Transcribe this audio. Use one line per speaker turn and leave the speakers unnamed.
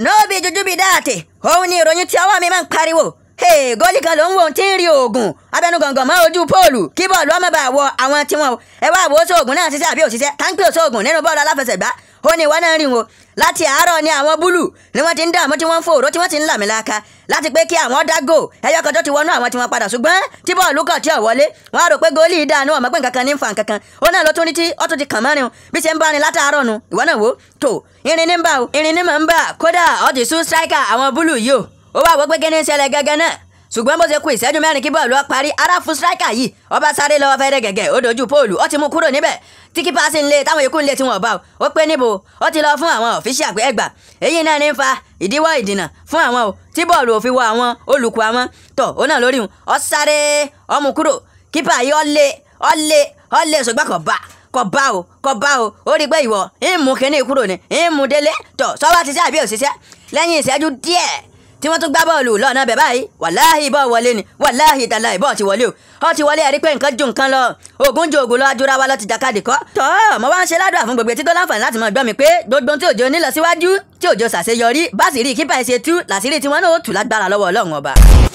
nóòbí jújúbi dáàtì òun ni ìròyìn tí ọwọ́ mi máa ń pariwo góòlì kan ló ń wo ohun tí ń rí oògùn abẹnú gàngàn mọ́ ojú póòlù kí bọ́ọ̀lù ọmọ bá wọ àwọn tiwọn ẹ wá wo sóògùn náà ṣiṣẹ́ àbí òṣìṣẹ́ tá ń pè sóògùn nínú bọ́ọ̀lù aláfẹsẹ̀gbá ó ní ìwọ náà rìn o láti àárọ̀ ni àwọn búlù ni wọ́n ti ń dààmú tí wọ́n ń fòòró tí wọ́n ti ń làmìlaka láti pé kí àwọn dágò ẹyọ kan tó ti wọnú àwọn tí wọ́n padà ṣùgbọ́n tí bọ́ọ̀lù kàn tí ò wọlé wọ́n á rò pé góòlì ìdáná ọmọ pé nǹkan kan ní nfa nǹkan kan ó náà ló tún rí tí ó tún ti kàn mọ́rin o bí ṣe ń bá ni látàárọ̀ nu ìwọ náà wò tó irin ní ń bà o irin ní mọ̀ ń bà kódà ó ti sún striker àwọn búlù yìí o ó wà wọ́n pé kí ní ṣẹlẹ̀ gẹ́gẹ́ náà ṣùgbọ́n bó ṣe ku ìṣẹ́jú mẹ́rin kí bọ́ọ̀lù parí ara fún striker yìí ọba sáré lọ́wọ́ fẹ́rẹ́ gẹ̀gẹ̀ ó dojú póòlù ó ti mú kúrò níbẹ̀ tí kípa sì ń lé táwọn yòókù ń lé tiwọn ọba ó pé níbo ó ti lọ fún àwọn official pé ẹgbà èyí náà ní ń fa ìdíwọ́ ìdìnà fún àwọn o tí bọ́ọ̀lù ò fi wọ àwọn olùkọ́ àwọn tọ̀ ó náà lórí wọn ó sáré ó mú kúrò kípa yìí ó lé ó lé ó lé ṣùgbọ́n kò bá kọ bá o kọ bá o ó rí i pé ìwọ ń mú tí wọ́n tún gbá bọ́ọ̀lù lọ́nà bẹ̀ báyìí wàláhì bọ́ọ̀ wọlé ni wàláhì tàlà ìbọ̀ ti wọlé o ọ ti wọlé ẹ̀rí pé nǹkan ju nǹkan lọ ogun ju ogun lọ ajura wa lọ ti jàkadì kọ́. tọ́ mo wá ń ṣe ládùúrà fún gbogbo etí tó láǹfààní láti mọ gbọ́ mi pé gbogbo tí òjò nílọ síwájú tí òjò ṣàṣeyọrí bá sì rí kípa ẹ̀ ṣe tú làṣírí tiwọn náà tù lágbára lọ́wọ́ ọlọ́run ọba.